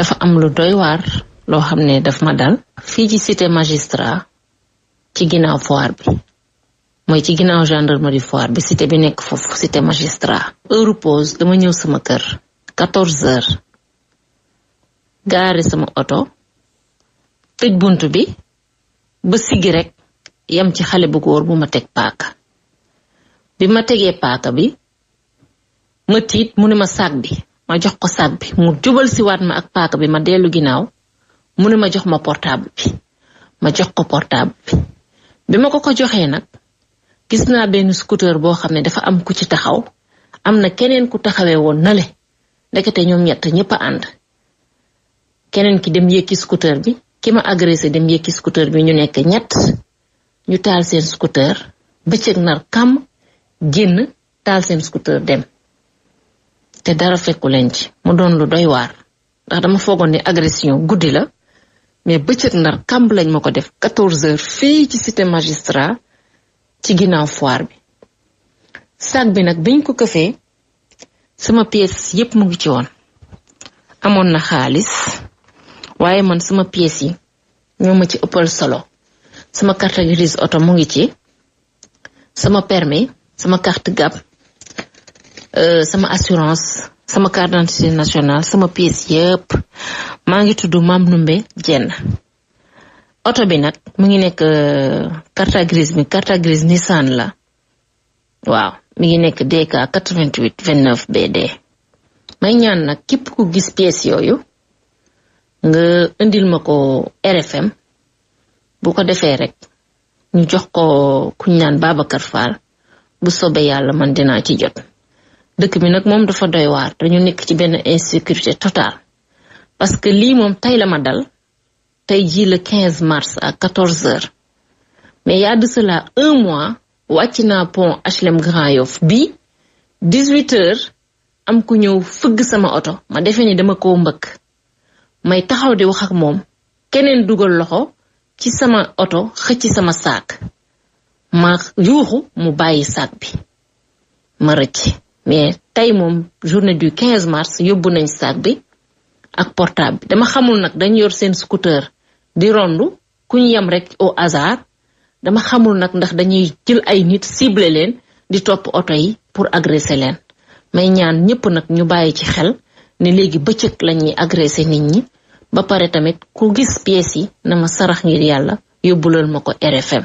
dafa am lu doy waar loo xam ne daf ma dal fii ci cité magistrat ci ginnaaw foire bi mooy ci ginnaaw gendarmerie foire bi cité bi nekk foofu cité magistrat heure dama ñëw sama kër quatorze heures sama oto tëj bunt bi ba sigi rek yam ci xale bu góor bu ma teg paaka bi ma tegee paaka bi ma tiit mu ne ma saag bi ma jox ko bi mu jubal si wat ma ak paaka bi ma delu ginaaw mu ne ma jox ma portable bi ma jox ko portable bi bima ko ko joxe nak gis na ben scooter bo xamne dafa am ku ci taxaw am na keneen ku taxawé won nalé ndekete ñom ñett ñepp and ànd keneen ki dem yëkki scooter bi ki ma agressé dem yëkki scooter bi ñu nekk ñett ñu tal sen scooter beccëk nar kam genn tal sen scooter dem te dara fekku leen ci mu doon lu doy waar ndax dama foogoon ne agression guddi la mais bëccëg ndar kàmb lañ ma ko def 14 heures fii ci cité magistrat ci ginnaaw foire bi sac bi nag biñ ko këfee sama pièces yépp mu ngi ci woon amoon na xaalis waaye man suma pièces yi ñoo ma ci ëppal solo suma carte grise oto mu ngi ci sama permis sama carte gab Euh, sama assurance sama carte d'identité nationale sama pièce yépp maa ngi tudd Mam Numbe jenn oto bi nag mu ngi nekk euh, carte grise bi carte grise Nissan la waaw mi ngi nekk DK 88 29 BD may ñaan nag képp ku gis pièce yooyu nga indil ma ko RFM bu ko defee rek ñu jox ko ku ñaan Babacar Fall bu sobe yàlla man dinaa ci jot dëkk bi nag moom dafa doy waar dañu nekk ci benn insécurité totale parce que lii moom tey la ma dal tey jii le 15 mars à 14 heures mais y a un mois wàcc naa pont HLM Grand Yoff bi 18 heures am ku ñëw fëgg sama oto ma defe ni dama koo mbëkk may taxaw di wax ak moom keneen dugal loxo ci sama oto xëcc sama saak ma yuuxu mu bàyyi saak bi ma rëcc mais tey moom journée du 15 mars yóbbu nañ sac bi ak portable bi dama xamul nag dañ yor seen scooter di rond ku ñu yem rek au hasard dama xamul nag ndax dañuy jël ay nit ciblé leen di topp oto yi pour agresser leen may ñaan ñëpp nag ñu bàyyi ci xel ne léegi bëccëg lañuy agresser nit ñi ba pare tamit ku gis pièces yi na ma sarax ngir yàlla yóbbu yóbbulal ma ko RFM